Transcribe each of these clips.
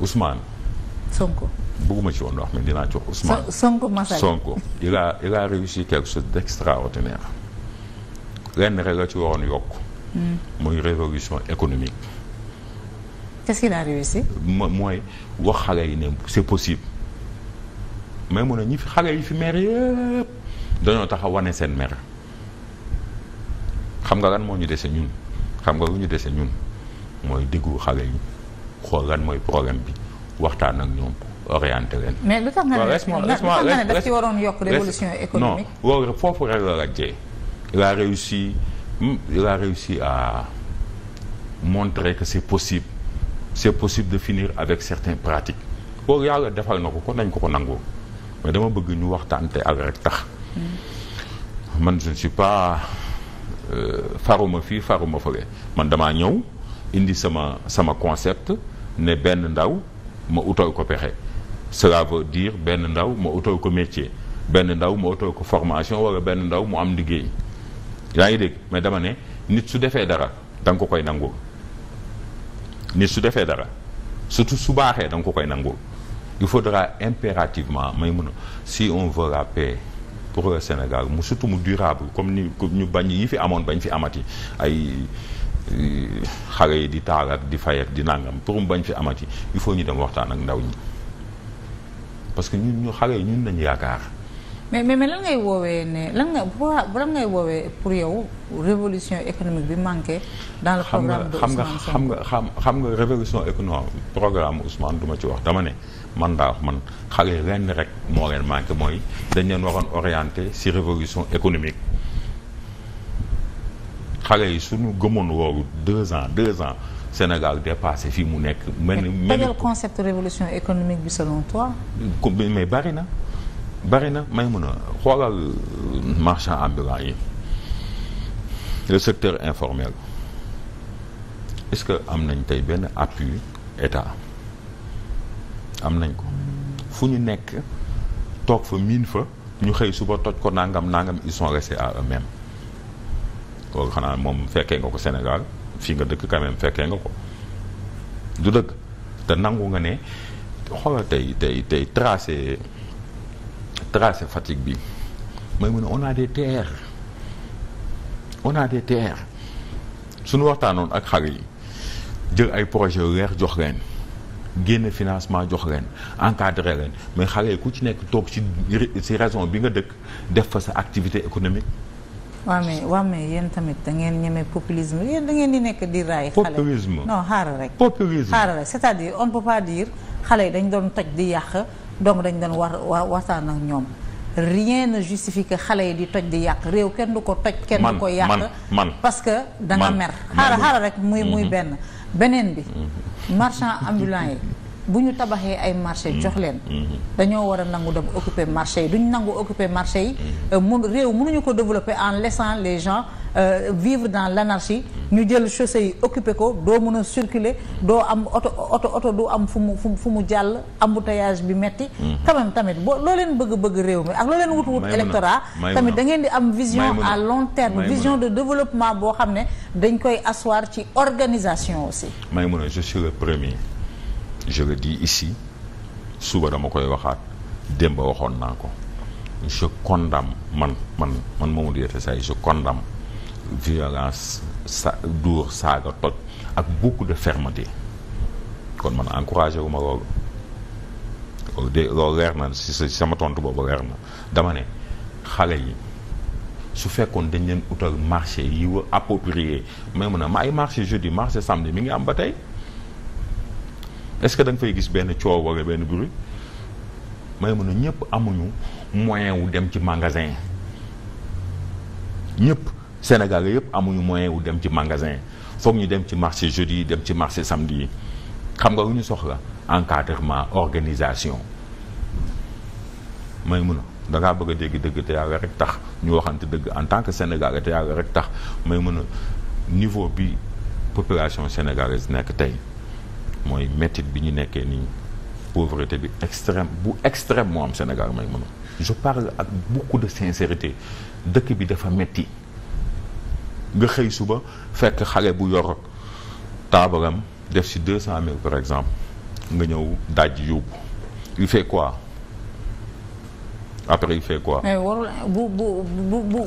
Ousmane. Hmm. Sonko. bëgguma ci woon wax mais dinaa ci wax Ousmane. Sonko Massaly Sonko il a il a réussi quelque chose d'extraordinaire lenn rek la ci waroon yokk. mooy hmm. révolution économique. qu'est-ce qu'il mooy wax xale yi ne c'est possible mais mu ne ñi fi xale yi fi mer yëpp dañoo tax wane seen mer xam nga lan moo ñu dese ñun xam nga lu ñu dese ñun mooy déggu xale yi. xool lan mooy problème bi waxtaan ak ñoom orienté leen. mais lu tax nga ne daf ci waroon yokk révolution économique. loolu foofu rek la rajjee il a réussi il réussi à montrer que c'est possible c'est possible de finir avec certaines pratiques loolu yàlla defal na ko kon nañ ko ko nangoo mais dama bëgg ñu waxtaan te ak rek tax. Hmm. man je ne suis pas euh, faruma fii faruma fële man damaa ñëw. indi sama sama concept ne benn ndaw ma utal ko pexe cela veut benn ndaw ma utal ko métier benn ndaw ma utal ko formation wala benn ndaw mu am liggéey yaa ngi dégg mais dama ne nit su defee dara da ko koy nangul nit su defee dara surtout su baaxee da nga ko koy nangul il faut faudra impérativement may mun a si on veut la paix pour le Sénégal mu surtout mu durable comme ni ñu bañ yi fi amoon bañ fi amati ay xale yi di taal ak di fay ak di nangam pour mu bañ fi amati il faut ñu dem waxtaan ak ndaw ñi parce que ñu xale yi ñun lañu yaakaar. mais mais mais ngay woowee ne lan nga bu ngay woowee pour yow révolution économique bi manqué. dans le programme de Ousmane xam nga xam nga xam nga révolution économique programme Ousmane du ma ci wax dama ne man daa wax man xale yi lenn rek moo leen manqué mooy dañ leen waroon orienté si révolution économique. xale yi suñu gëmoon wooru deux ans deux ans Sénégal dépassé fii mu nekk. mel ni quel concept révolution économique bi selon toi. mais bari na bari na may mën a xoolal euh, marchand ambulant yi le secteur informel est-ce que am nañ tey benn appui état am nañ ko fu ñu nekk toog fa miin fa ñu xëy suba toj ko nangam nangam ils sont restés à eux-mêmes. kooku xanaa moom fekkee nga ko Sénégal fii nga dëkk quand même fekkee nga ko du dëgg te nangu nga ne xoolal tey tey tey tracé tracé Fatick bi may mu ne on a des terres on a des terres suñu waxtaanoon ak xale yi jël ay projet yu leer jox leen génn financement jox leen encadré leen mais xale yi ku ci nekk toog ci ci raison bi nga dëkk def fa sa activité économique waaw mais waaw yéen tamit da ngeen ñeme populisme yéen da ngeen di nekk di raay. xale populisme non xaaral rek. populisme xaaral rek c'est-à-dire on peut pas dire xale yi dañ doon toj di yàq donc dañ doon war waxtaan ak ñoom. rien ne justifie xale yi di toj di yàq réew kenn du ko toj kenn du ko yàq parce que da nga mer xaaral xaaral rek muy muy mm-hmm. benn beneen bi mm-hmm. marchand ambulant yi bu ñu tabaxee ay marché mm-hmm. jox leen mm-hmm. dañoo war a nangu dem occuper marché yi duñ nangu occuper marché yi mm-hmm. euh, mun réew mënuñu ko développer en laissant les gens euh, vivre dans l'anarchie ñu jël chaussée yi occuper ko doo mën a circuler doo am oto oto oto du am fu mu fu mu jàll embouteillage bi metti quand tamit boo loo bëgg-bëgg réew mi ak loo leen wut wut tamit da ngeen di am vision à long terme vision de développement boo xam ne dañ koy assoir ci organisation aussi Maïmouna je suis le je le dis suba dama koy waxaat démb waxoon naa ko je condamne man man man Mamadou Yatassay je condamne violence sa dóor saaga toj ak beaucoup de fermeté kon man encouragé wu ma loolu loolu leer na si sama tontu boobu leer na dama ne xale yi su fekkoon dañ leen utal marché yi wa approprié may mun a ma ay marché jeudi marché samedi mi ngi am ba tey est-ce que danga fay gis benn coow wala benn bruit may mën a ñëpp amuñu moyen wu dem ci magasin ñëpp Sénégal yëpp amuñu moyen wu dem ci magasin foog ñu dem ci marché jeudi dem ci marché samedi yi xam nga lu ñu soxla encadrement organisation may mën a da ngaa bëgg dégg dëgg te yàlla rek tax ñu waxante dëgg en tant que sénégalais te yàlla rek tax may mën a niveau bi population sénégalaise nekk tey mooy métit bi ñu nekkee nii pauvreté bi extrême bu extrême moo am Sénégal may mënu je parle ak beaucoup de sincérité dëkk bi dafa metti nga xëy suba fekk xale bu yor taabaram def si deux cent mille par exemple nga ñëw daj yóbbu il fait quoi après il fait quoi. mais warul bu bu bu bu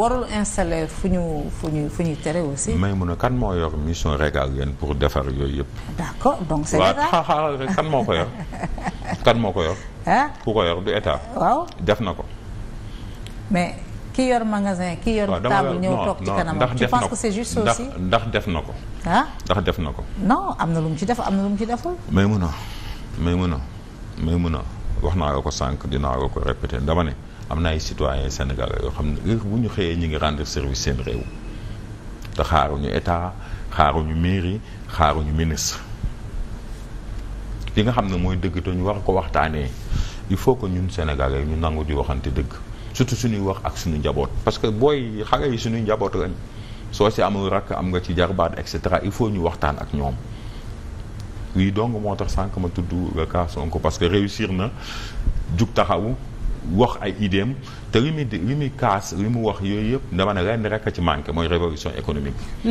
warul installer fu ñu fu ñu fu ñuy tere aussi. may mun a kan moo yor mission régalienne pour defar yooyu yëpp. d'accord donc c'est l'État kan moo ko yor kan moo ko yor. ah ku ko yor du état. waaw def na ko. mais ki yor magasin ki yor. table ñëw toog ci kanam ndax def na ko tu penses que juste aussi. ndax def na ko. ah ndax def na ko. non am na lu mu ci def am na lu mu ci def mais mu a may mun a wax naa la ko sànq dina la ko répété dama ne am na ay citoyens sénégalais yoo xam ne bu ñu xëyee ñu ngi rendre service seen réew te xaaruñu état xaaruñu mairie xaaruñu ministre li nga xam ne mooy dëgg te ñu war ko waxtaanee il faut que ñun sénégalais ñu nangu di waxante dëgg surtout suñuy wax ak suñu njaboot parce que booy xale yi suñuy njaboot lañ soo si amul rakk am nga ci jarbaat et cetera il faut ñu waxtaan ak ñoom lii dong moo tax sànq ma tudd cas Sonko parce que réussir na jug taxaw wax ay idéem te li muy li muy kaas li mu wax yooyu yëpp dama ne ren rek a ci manqué mooy révolution économique